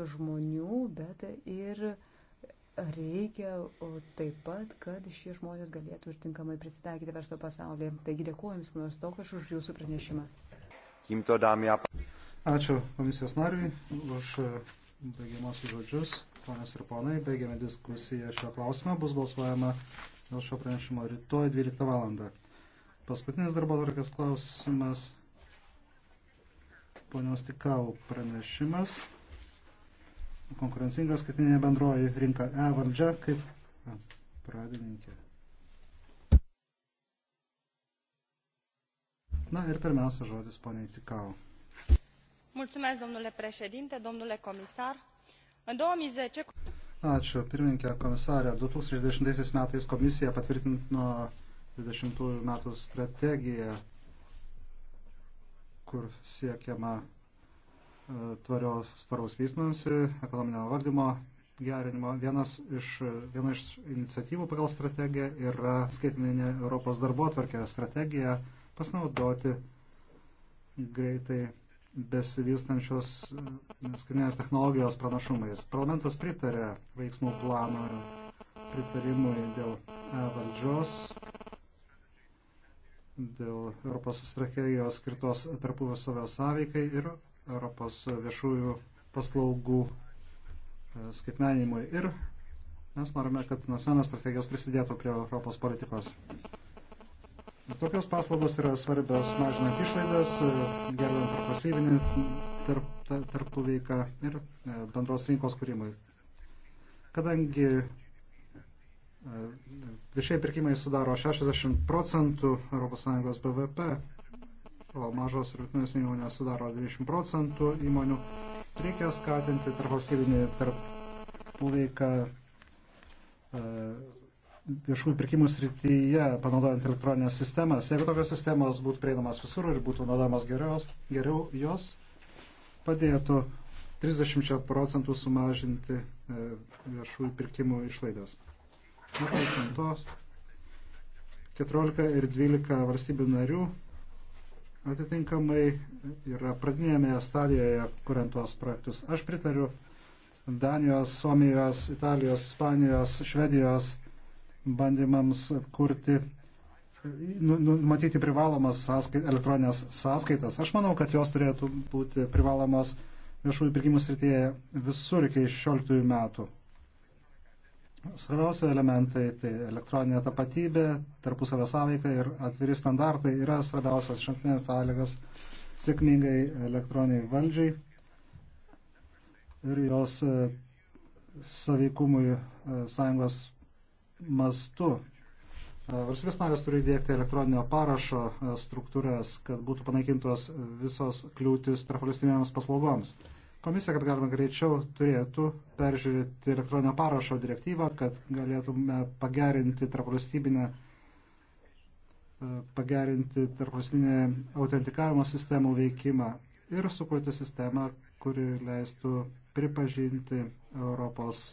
žmonių, bet ir reikia taip pat, kad šie žmonės galėtų ir tinkamai prisitaikyti verslo pasaulyje. Taigi dėkuoju Jums, ponas Tokas, už Jūsų pranešimą. Ačiū komisijos nariui už e, baigiamosius žodžius. Ponios ir ponai, baigiame diskusiją šio klausimo. Bus balsuojama dėl šio pranešimo rytoj 12 val. Paskutinis darbo tvarkės klausimas. Ponios Tikau pranešimas konkurencinga skaitminė bendroji rinka E valdžia kaip na, pradininkė. Na ir pirmiausia žodis poniai Tikau. Mulțumesc, domnule președinte, domnule comisar. În 2010... Ačiū, pirmininkė komisarė. 2010 metais komisija patvirtino 20 metų strategiją, kur siekiama E, tvarios, tvaraus vystimusi, ekonominio valdymo gerinimo. Vienas iš, viena iš iniciatyvų pagal strategiją yra skaitmeninė Europos darbo atvarkė strategija pasinaudoti greitai besivystančios e, skaitmeninės technologijos pranašumais. Parlamentas pritarė veiksmų planui, pritarimui dėl valdžios, dėl Europos strategijos skirtos tarpuvio savio sąveikai ir Europos viešųjų paslaugų e, skaitmeninimui ir mes norime, kad nacionalinės strategijos prisidėtų prie Europos politikos. Tokios paslaugos yra svarbios mažinant išlaidas, e, gerinant tarpvalstybinį tarp, tarp, tarpų veiką ir e, bendros rinkos kūrimui. Kadangi viešieji pirkimai sudaro 60 procentų ES BVP, o mažos ir vidutinės įmonės sudaro 20 procentų įmonių. Reikia skatinti tarpvalstybinį tarpuveiką e, viešųjų pirkimų srityje, panaudojant elektroninės sistemas. Jeigu tokios sistemos būtų prieinamas visur ir būtų naudojamas geriau, geriau jos padėtų 30 procentų sumažinti e, viešųjų pirkimų išlaidas. Nepaisant to, 14 ir 12 valstybių narių atitinkamai yra pradinėme stadijoje kuriant tuos projektus. Aš pritariu Danijos, Suomijos, Italijos, Ispanijos, Švedijos bandymams kurti, nu, nu, numatyti privalomas sąskait, elektroninės sąskaitas. Aš manau, kad jos turėtų būti privalomos viešųjų pirkimų srityje visur iki 16 metų. Svarbiausia elementai - tai elektroninė tapatybė, tarpusavio sąveika ir atviri standartai yra svarbiausios šimtinės sąlygas sėkmingai elektroniniai valdžiai ir jos e, saveikumui e, sąjungos mastu. E, Varsybės narės turi įdėkti elektroninio parašo struktūras, kad būtų panaikintos visos kliūtis tarpvalstybinėms paslaugoms. Komisija, kad galima greičiau, turėtų peržiūrėti elektroninio parašo direktyvą, kad galėtume pagerinti tarpvalstybinę e, pagerinti tarpvalstybinę autentikavimo sistemų veikimą ir sukurti sistemą, kuri leistų pripažinti Europos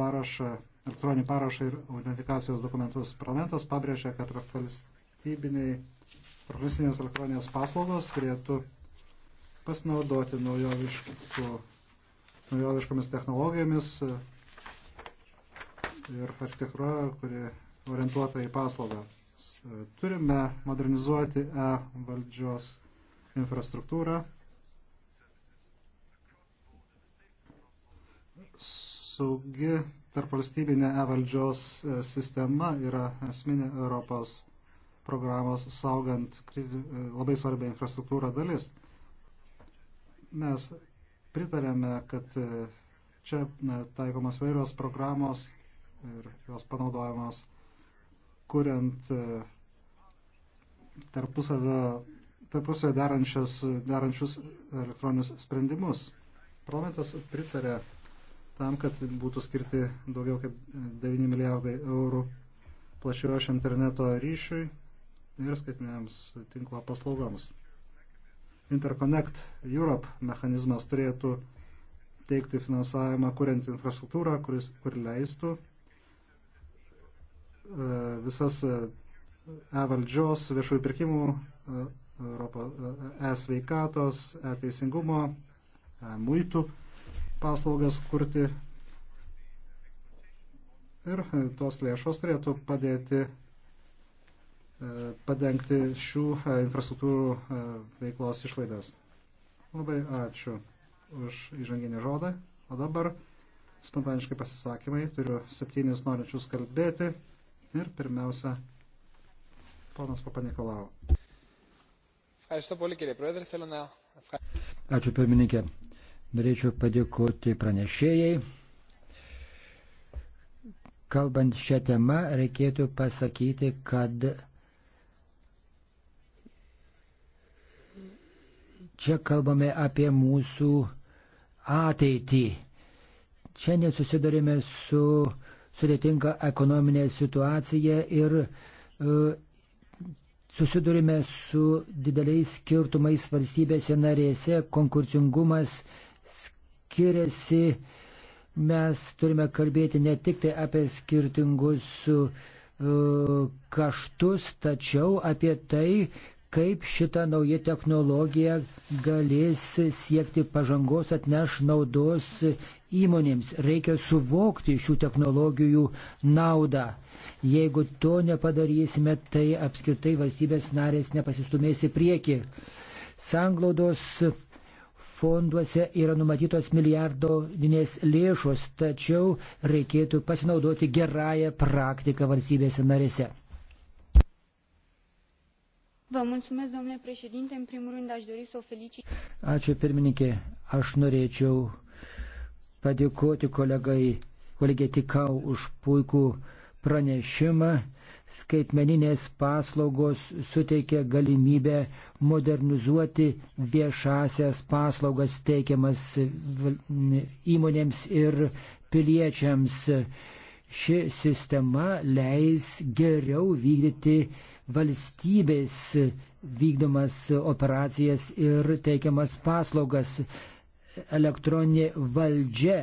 parašą, elektroninį parašą ir autentikacijos dokumentus. Parlamentas pabrėžia, kad valstybiniai profesinės elektroninės paslaugos turėtų pasinaudoti naujoviškomis technologijomis e, ir architektūra, kuri orientuota į paslaugą. E, turime modernizuoti e valdžios infrastruktūrą saugi tarpvalstybinė e-valdžios e, sistema yra esminė Europos programos saugant labai svarbią infrastruktūrą dalis. Mes pritarėme, kad e, čia taikomas vairios programos ir jos panaudojamos kuriant e, tarpusavio, tarpusavio darančius, darančius elektroninius sprendimus. Parlamentas pritarė tam, kad būtų skirti daugiau kaip 9 milijardai eurų plačiojo interneto ryšiui ir skaitminiams tinklo paslaugoms. Interconnect Europe mechanizmas turėtų teikti finansavimą kuriant infrastruktūrą, kuris, kur leistų e, visas e-valdžios, e viešųjų pirkimų, e, e-sveikatos, e-teisingumo, e muitų paslaugas kurti. Ir tos lėšos turėtų padėti E, padengti šių e, infrastruktūrų e, veiklos išlaidas. Labai ačiū už įžanginį žodą. O dabar spontaniškai pasisakymai. Turiu septynis norinčius kalbėti. Ir pirmiausia, ponas Papanikolau. Ačiū pirmininkė. Norėčiau padėkoti pranešėjai. Kalbant šią temą, reikėtų pasakyti, kad Čia kalbame apie mūsų ateitį. Šiandien susidurime su sudėtinga ekonominė situacija ir uh, susidurime su dideliais skirtumais valstybėse narėse, konkurcingumas skiriasi, mes turime kalbėti ne tik tai apie skirtingus uh, kaštus, tačiau apie tai, kaip šita nauja technologija galės siekti pažangos, atneš naudos įmonėms. Reikia suvokti šių technologijų naudą. Jeigu to nepadarysime, tai apskritai valstybės narės nepasistumės į priekį. Sanglaudos fonduose yra numatytos milijardinės lėšos, tačiau reikėtų pasinaudoti gerąją praktiką valstybėse narėse. Vă mulțumesc, domnule președinte. În primul rând, aș dori să o felicit. Ačiū, pirmininkė. Aš norėčiau padėkoti kolegai, kolegė Tikau už puikų pranešimą. Skaitmeninės paslaugos suteikia galimybę modernizuoti viešasias paslaugas teikiamas įmonėms ir piliečiams. Ši sistema leis geriau vykdyti valstybės vykdomas operacijas ir teikiamas paslaugas. Elektroninė valdžia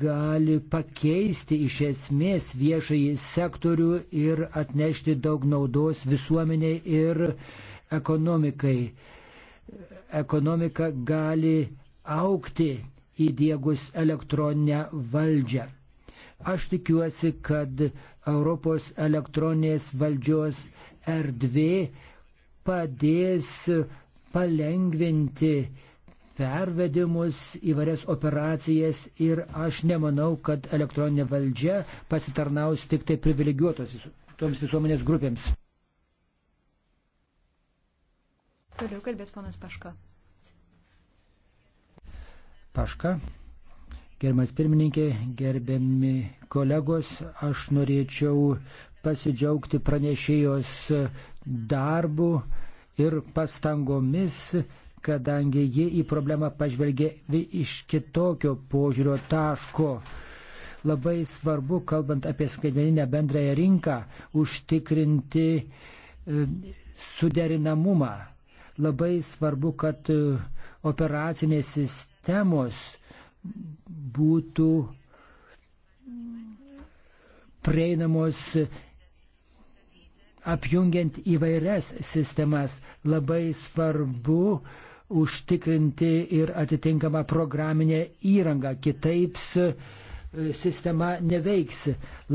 gali pakeisti iš esmės viešąjį sektorių ir atnešti daug naudos visuomeniai ir ekonomikai. Ekonomika gali aukti įdėgus elektroninę valdžią. Aš tikiuosi, kad Europos elektroninės valdžios erdvė padės palengvinti pervedimus įvairias operacijas ir aš nemanau, kad elektroninė valdžia pasitarnaus tik tai privilegiuotos toms visuomenės grupėms. Toliau kalbės ponas Paška. Paška. Gerbiamas pirmininkė, gerbiami kolegos, aš norėčiau pasidžiaugti pranešėjos darbu ir pastangomis, kadangi ji į problemą pažvelgė iš kitokio požiūrio taško. Labai svarbu, kalbant apie skaitmeninę bendrąją rinką, užtikrinti e, suderinamumą. Labai svarbu, kad e, operacinės sistemos būtų prieinamos apjungiant įvairias sistemas. Labai svarbu užtikrinti ir atitinkamą programinę įrangą, kitaip e, sistema neveiks.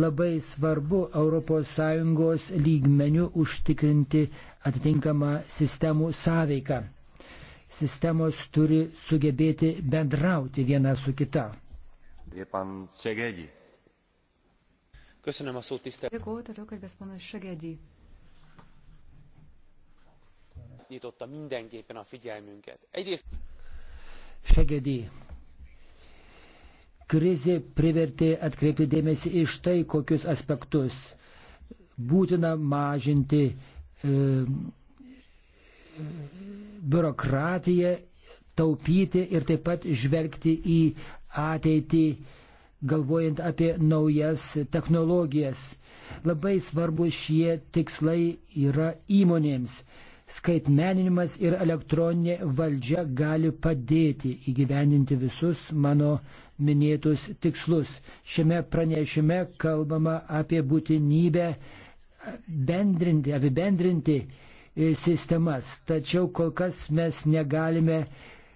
Labai svarbu ES lygmenių užtikrinti atitinkamą sistemų sąveiką sistemos turi sugebėti bendrauti viena su kita. Köszönöm a szót, tisztelt. Dėkuoju, toliau kalbės panas Segedi. Nyitotta mindenképpen a figyelmünket. Egyrészt... Segedi. Krizė privertė atkreipti dėmesį iš tai, kokius aspektus būtina mažinti e, biurokratiją, taupyti ir taip pat žvelgti į ateitį, galvojant apie naujas technologijas. Labai svarbu šie tikslai yra įmonėms. Skaitmeninimas ir elektroninė valdžia gali padėti įgyveninti visus mano minėtus tikslus. Šiame pranešime kalbama apie būtinybę bendrinti, apibendrinti sistemas. Tačiau kol kas mes negalime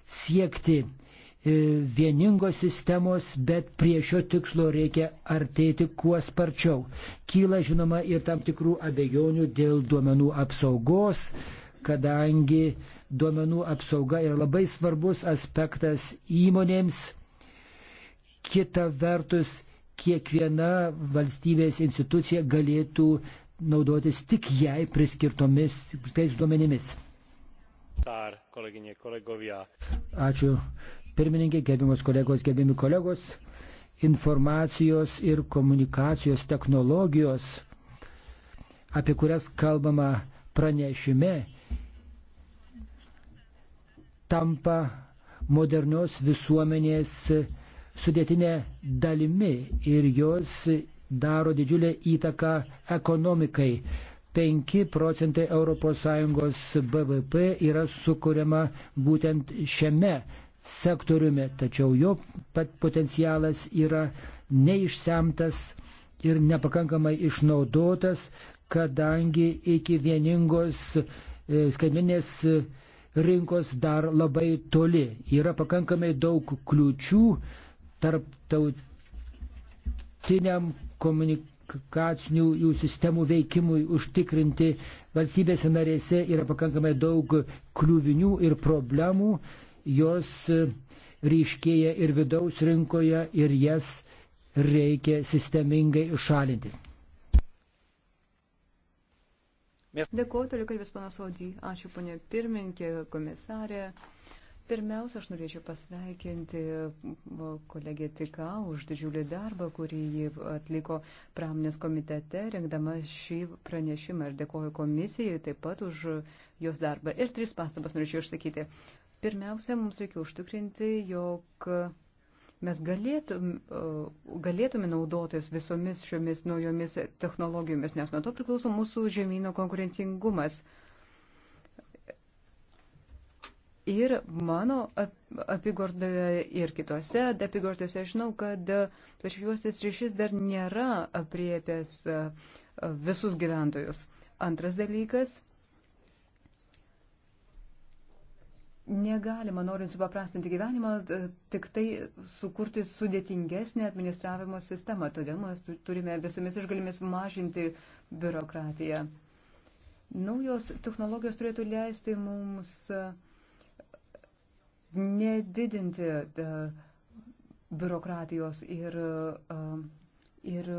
siekti e, vieningos sistemos, bet prie šio tikslo reikia artėti kuo sparčiau. Kyla, žinoma, ir tam tikrų abejonių dėl duomenų apsaugos, kadangi duomenų apsauga yra labai svarbus aspektas įmonėms. Kita vertus, kiekviena valstybės institucija galėtų naudotis tik jai priskirtomis tais duomenimis. Tár, kolegyne, kolegovia. Ačiū. Pirmininkė, gerbiamas kolegos, gerbiami kolegos, informacijos ir komunikacijos technologijos, apie kurias kalbama pranešime, tampa modernios visuomenės sudėtinė dalimi ir jos daro didžiulę įtaką ekonomikai. 5 procentai ES BVP yra sukūriama būtent šiame sektoriumi, tačiau jo potencialas yra neišsemtas ir nepakankamai išnaudotas, kadangi iki vieningos e, skaitmenės rinkos dar labai toli. Yra pakankamai daug kliučių tarptautinių nuolatiniam komunikacinių jų sistemų veikimui užtikrinti valstybėse narėse yra pakankamai daug kliūvinių ir problemų, jos ryškėja ir vidaus rinkoje ir jas reikia sistemingai šalinti. Dėkuoju, toliau kalbės panas Odį. Ačiū, ponė pirmininkė, komisarė. Pirmiausia, aš norėčiau pasveikinti kolegę Tika už didžiulį darbą, kurį ji atliko pramonės komitete, rengdama šį pranešimą ir dėkoju komisijai taip pat už jos darbą. Ir tris pastabas norėčiau išsakyti. Pirmiausia, mums reikia užtikrinti, jog mes galėtum, galėtume naudotis visomis šiomis naujomis technologijomis, nes nuo to priklauso mūsų žemynų konkurencingumas. Ir mano apygardoje ir kitose apygardose žinau, kad e, plačiuostis ryšys dar nėra apriepęs e, visus gyventojus. Antras dalykas. Negalima, norint supaprastinti gyvenimą, e, tik tai sukurti sudėtingesnį administravimo sistemą. Todėl mes turime visomis išgalimis mažinti biurokratiją. Naujos technologijos turėtų leisti mums uh, nedidinti e, biurokratijos ir, e, ir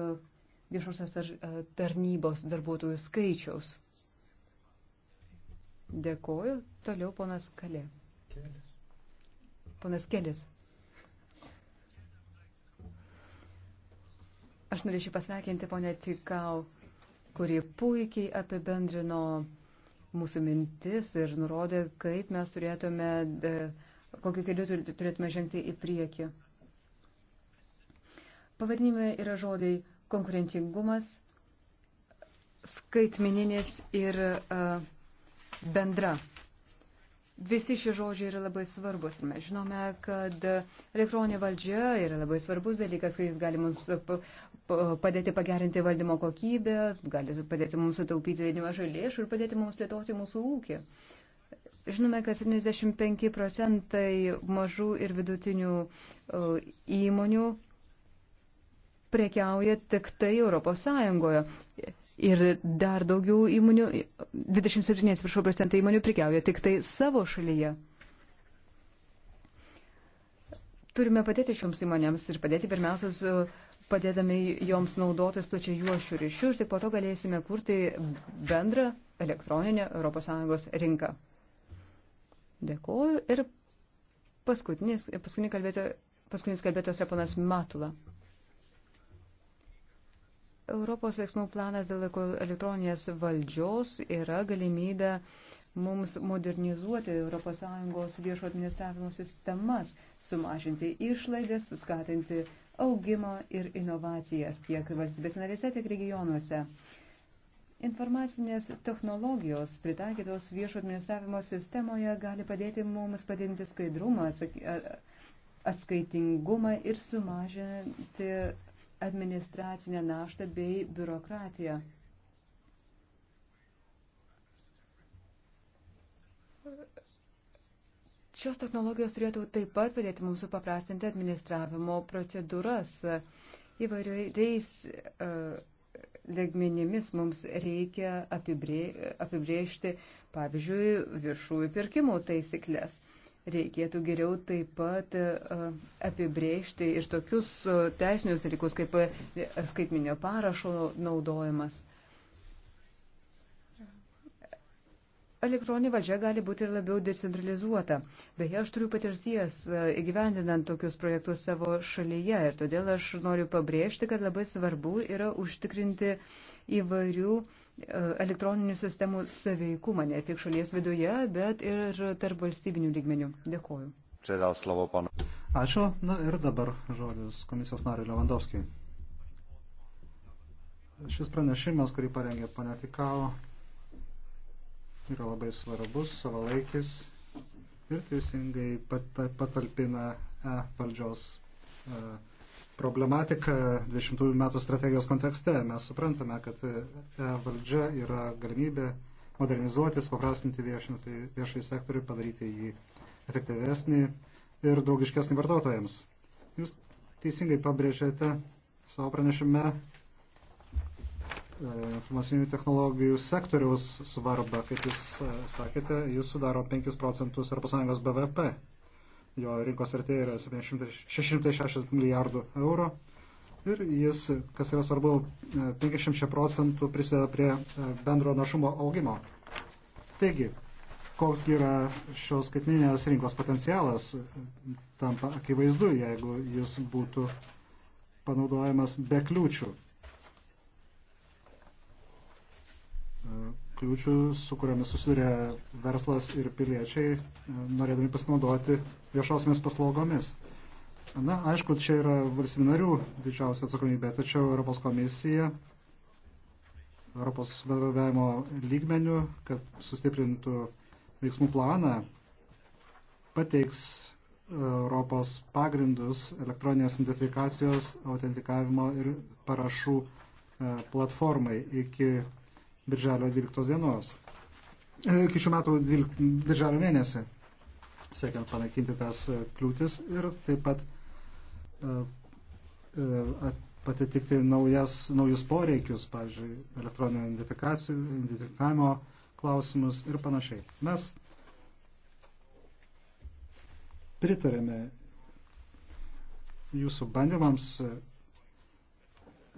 viešosios e, tarnybos darbuotojų skaičiaus. Dėkoju. Toliau ponas Kalė. Ponas Kelis. Aš norėčiau pasveikinti ponę Tikau, kuri puikiai apibendrino mūsų mintis ir nurodė, kaip mes turėtume. De, kokiu keliu turėtume žengti į priekį. Pavadinime yra žodai konkurencingumas, skaitmeninis ir uh, bendra. Visi šie žodžiai yra labai svarbus. Mes žinome, kad elektroninė valdžia yra labai svarbus dalykas, kuris gali mums padėti pagerinti valdymo kokybę, gali padėti mums sutaupyti nemažai lėšų ir padėti mums plėtoti mūsų ūkį. Žinome, kad 75 procentai mažų ir vidutinių įmonių prekiauja tik tai Europos Sąjungoje. Ir dar daugiau įmonių, 27 atsiprašau, procentai įmonių prekiauja tik tai savo šalyje. Turime padėti šioms įmonėms ir padėti pirmiausios padėdami joms naudotis plačiai juošių ryšių ir tik po to galėsime kurti bendrą elektroninę ES rinką. Dėkuoju. Ir paskutinis, paskutinis, kalbėtė, paskutinis kalbėtos yra panas Matula. Europos veiksmų planas dėl elektroninės valdžios yra galimybė mums modernizuoti ES viešo administravimo sistemas, sumažinti išlaidas, skatinti augimą ir inovacijas tiek valstybės narėse, tiek regionuose. Informacinės technologijos pritaikytos viešo administravimo sistemoje gali padėti mums padinti skaidrumą, atskaitingumą ir sumažinti administracinę naštą bei biurokratiją. Šios technologijos turėtų taip pat padėti mums supaprastinti administravimo procedūras įvairiais uh, legmenimis mums reikia apibriežti, pavyzdžiui, viršųjų pirkimų taisyklės. Reikėtų geriau taip pat e, apibriežti ir tokius e, teisinius dalykus kaip e, skaitminio parašo naudojimas. elektroninė valdžia gali būti ir labiau decentralizuota. Beje, aš turiu patirties e, įgyvendinant tokius projektus savo šalyje ir todėl aš noriu pabrėžti, kad labai svarbu yra užtikrinti įvairių e, elektroninių sistemų saveikumą, ne tik šalies viduje, bet ir tarp valstybinių lygmenių. Dėkuoju. Ačiū. Na ir dabar žodis komisijos nariui Levandovskijai. Šis pranešimas, kurį parengė ponia Tikau, yra labai svarbus, savalaikis ir teisingai pat, patalpina e valdžios e, problematiką 20 metų strategijos kontekste. Mes suprantame, kad e valdžia yra galimybė modernizuotis, paprastinti viešai sektorių, padaryti jį efektyvesnį ir draugiškesnį vartotojams. Jūs teisingai pabrėžėte savo pranešime E, informacinių technologijų sektoriaus svarbą, kaip jūs e, sakėte, jis sudaro 5 procentus ES BVP. Jo rinkos vertė yra 660 milijardų eurų ir jis, kas yra svarbu, 500 e, procentų prisideda prie bendro našumo augimo. Taigi, koks yra šios skaitminės rinkos potencialas, tampa akivaizdu, jeigu jis būtų panaudojamas be kliūčių. kliūčių, su kuriomis susiduria verslas ir piliečiai, e, norėdami pasinaudoti viešosiamis paslaugomis. Na, aišku, čia yra valstybinarių didžiausia atsakomybė, tačiau Europos komisija Europos bendradarbiavimo lygmenių, kad sustiprintų veiksmų planą, pateiks e, Europos pagrindus elektroninės identifikacijos, autentikavimo ir parašų e, platformai iki birželio 12 dienos, e, iki šių metų 12, birželio mėnesį, siekiant panaikinti tas e, kliūtis ir taip pat e, patitikti naujas, naujus poreikius, pavyzdžiui, elektroninio identifikavimo klausimus ir panašiai. Mes pritarėme jūsų bandymams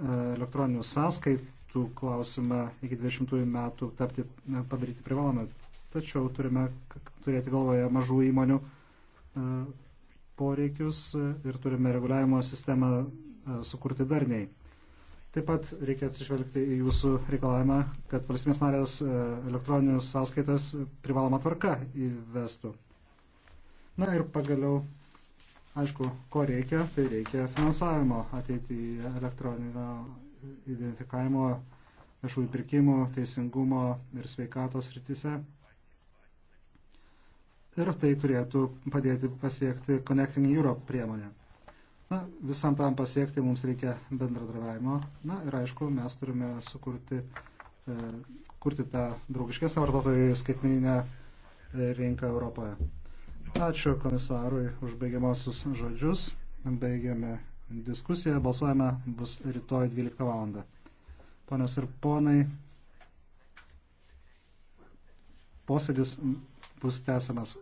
elektroninių sąskaitų reiktų klausimą iki 20 metų tapti, padaryti privalomą. Tačiau turime turėti galvoje mažų įmonių e, poreikius ir turime reguliavimo sistemą e, sukurti darniai. Taip pat reikia atsižvelgti į jūsų reikalavimą, kad valstybės narės e, elektroninius sąskaitas privaloma tvarka įvestų. Na ir pagaliau aišku, ko reikia, tai reikia finansavimo ateityje elektroninio identifikavimo, viešųjų pirkimų, teisingumo ir sveikatos rytise. Ir tai turėtų padėti pasiekti Connecting Europe priemonę. Na, visam tam pasiekti mums reikia bendradarbiavimo. Na ir aišku, mes turime sukurti, e, kurti tą draugiškesnę vartotojų skaitmeninę e, rinką Europoje. Ačiū komisarui už baigiamosius žodžius. Baigiame diskusija. Balsuojame bus rytoj 12 val. Ponios ir ponai, posėdis bus tęsiamas